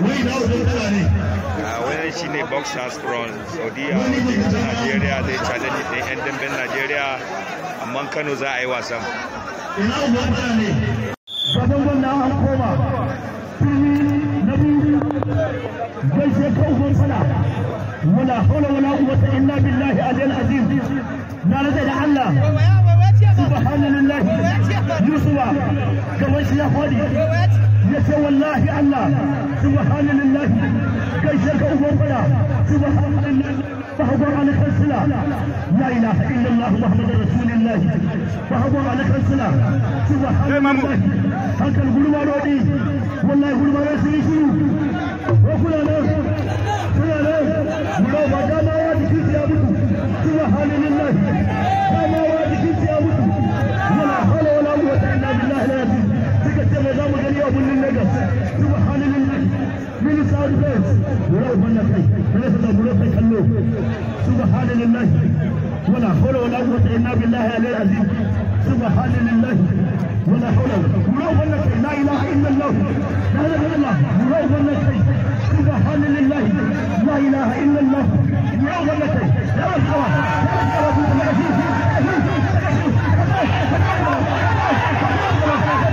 Uh, wannan shi ne boxers from saudiya nigeria zai challenge 'yan damben nigeria amma kano za a yi wasan gaban gwamna an koma turmi na biyu wala hawla wala quwwata illa billahi alil azim na rada da Allah subhanallahi yusufa kamar shi ya fadi yace wallahi Allah سبحان الله كيشرك أول بلا سبحان الله فحضر على الصلاة لا إله إلا الله محمد رسول الله فحضر على الصلاة سبحان الله هكا الغلوة رودي والله غلوة رسول وكل أنا كل أنا ملوى بدانا اقسمنا بالله علي العظيم سبحان لله ولا حول قوة إلا بالله لا اله الا الله لا اله الا الله ولو ولا شيء سبحان لله لا اله الا الله ولو ولا شيء يا مرحبا يا مرحبا بالعزيز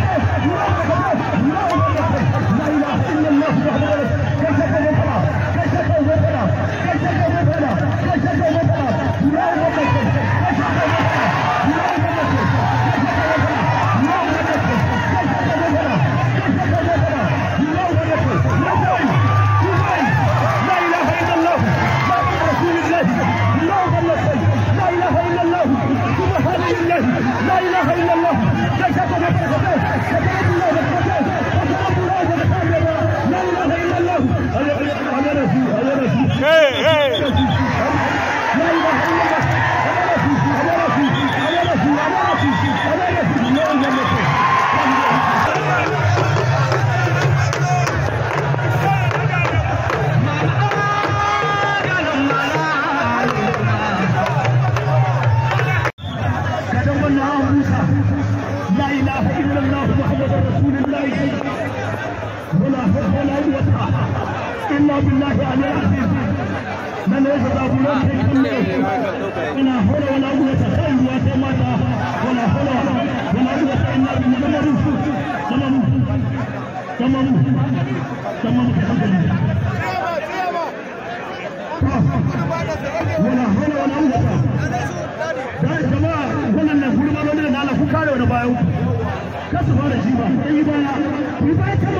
inna billahi alil aziz nan ne ka zabu ne kai kan ne ina hola wala ku ta sai ruwa sai mata wala hola wala ku ta inna billahi alil aziz tamam tamam tamam tamam wala hola wala ku ta dai ne ne da Allah ku wani baya ku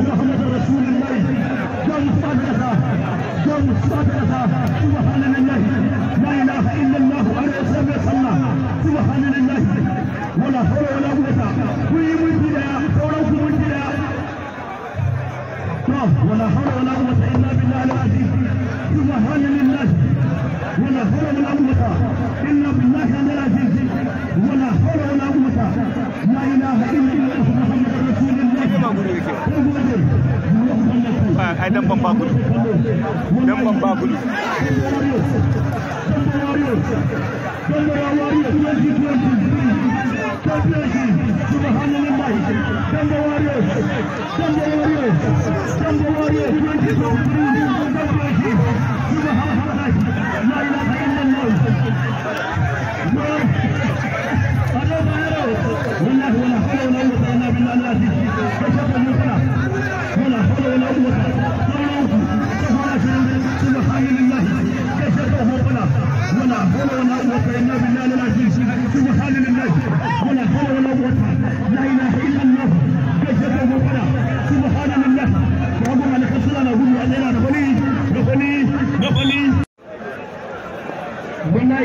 محمد رسول الله قوم الصابرة قوم الصابرة سبحان لله لا إله إلا الله أنا الله سبحان لله ولا حول ولا قوة ولا حول ولا قوة إلا بالله العظيم سبحان لله ولا حول ولا قوة إلا بالله العظيم ولا حول ولا قوة لا إله إلا الله babu ne yake ba ai dan ban babu ne dan ban babu ne Thank you.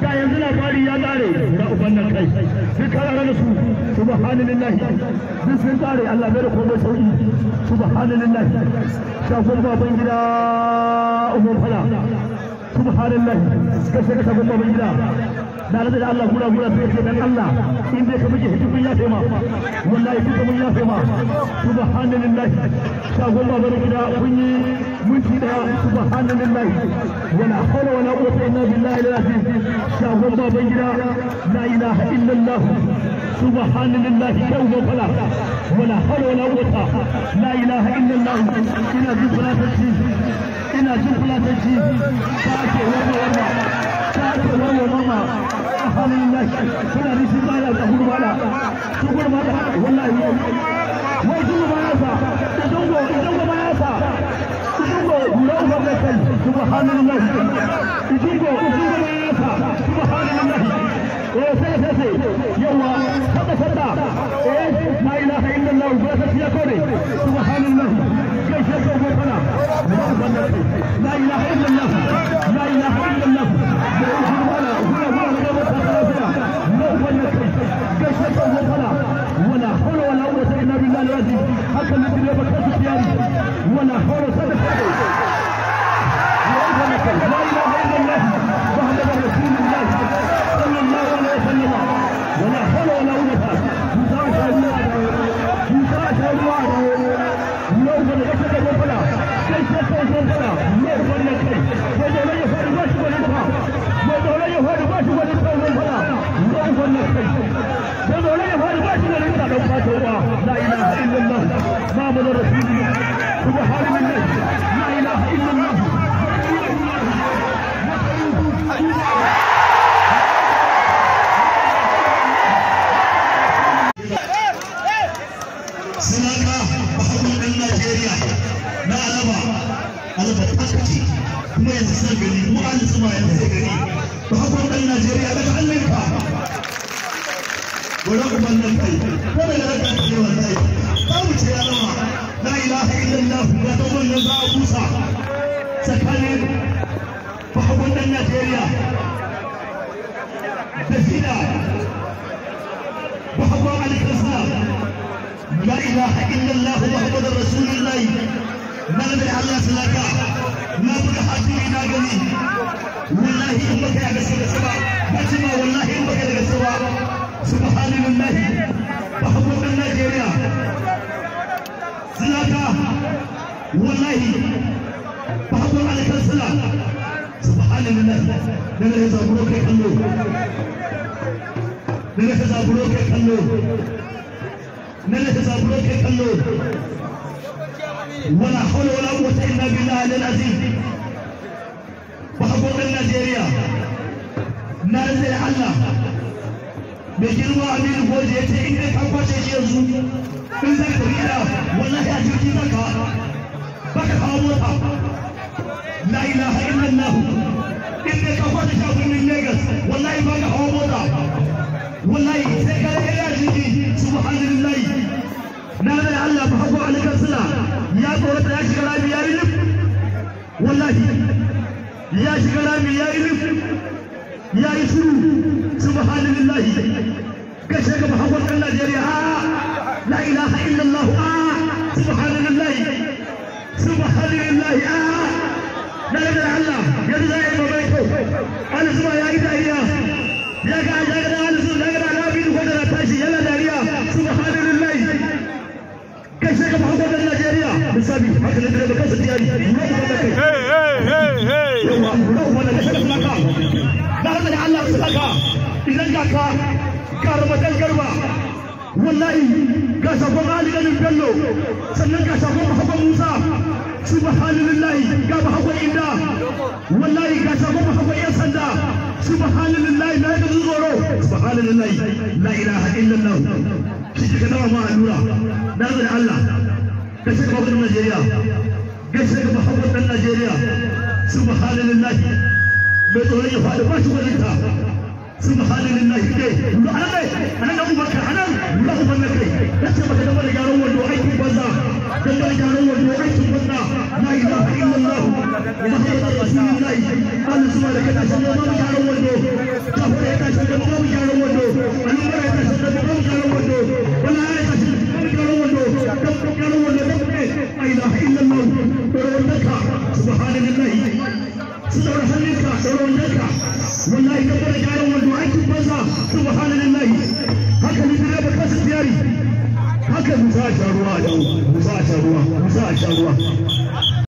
ga yanzu labari ya kare ga ubannin kai duk karara da su subhanallahi duk sun kare Allah bai da komai sauki subhanallahi shagon baban gida umar fala subhanallahi kashe kashe baban gida da rada da Allah gura gura sai ce dan Allah in dai ka miji kun ya sai ma wallahi kuka mun ya sai ma subhanallahi shagon baban gida kun yi سبحان الله ولا حول ولا قوة إلا بالله العزيز شاه الله بينا لا إله إلا الله سبحان لله كوم فلا ولا حول ولا قوة لا إله إلا الله إلى جبلة الجيز إلى جبلة الجيز تاكي ورمى ورمى تاكي ورمى ورمى سبحان الله إلى رسالة تقول ولا تقول ولا والله ويجب ما يفعل سبحان الله يجيبوا يجيبوا يا سبحان الله يا سيدي يلا هذا فتى ايش لا اله الا الله وبركه يا كوري سبحان الله كيف يسوي فلا لا اله الا الله لا اله الا الله كيف يسوي فلا ولا حول ولا قوه الا بالله العظيم حتى الذي لا بكره ولا حول صدق الا الله محمد رسول الله سبحان الله لا اله الا الله Sinaka bahagun ɗan Najeriya na alaba alaba takati kuma yanzu suna gani mu an sama yanzu gani bahagun ɗan Najeriya daga Amerika. Gwada kuma nan kai, ko da daga kai ne wannan wuce ya zama la ilaha illallah da ta wannan za a busa tsakanin bahagunan najeriya da fida bahagon alikasla la ilaha illallah muhammadar rasulullahi na da allah salaka na buga hajji na gani wallahi in baka ya gaske da saba wallahi ba ku ala kansila subhanallah daga ya zaburo kai kallo daga ya zaburo kai kallo daga ya zaburo kai kallo wala hawla wala quwwata illa Najeriya na zai Allah girma aminu goje ya ce in ka kwace shi yanzu in jirgin بخاوتها لا اله الا الله inda ka kwata ta birnin Lagos wallahi ba ka hawa mota wallahi sai ka ina jiki subhanallahi na da Allah ba hako alika sila ya tsoro ta shiga rami ya yi wallahi ya shiga rami ya yi ya yi shiru subhanallahi ka shiga ba hako kan Najeriya la ilaha illallah subhanallahi zuba halin lahi na da Allah yanzu za a yi babai kyau Ali Zuma ya yi dariya ya ga ya ga Ali Zuma ya ga na biyu ko da tashi yana dariya zuba halin lahi kai sai ka fahimta da Najeriya misali haka ne da kansa tiyari ne ka da kai hey hey hey hey da da Allah su saka idan ka ka karma dan garba wallahi ga shagon Ali Ganin Bello sannan ga shagon Muhammad Musa subhanallahi ga Muhammad Inda wallahi ga shagon Muhammad Yan Sanda subhanallahi na ga tsoro subhanallahi la ilaha illallah shi ka dawo ma allura dan da Allah ka shi ga Najeriya ga shi ga Muhammad dan Najeriya subhanallahi bai tsoron ya faɗi ba shi gwaninka subhana lillahi dai da alai anan abubakar anan da uban na kai yace baka da wani garon wando aikin banza dan da garon wando aikin banza la ilaha illallah muhammadu rasulullahi Allah suma da kada shi ba mu garon wando kafare ta shi da ba mu garon wando annabi ta shi da ba mu garon wando wallahi Jaguar.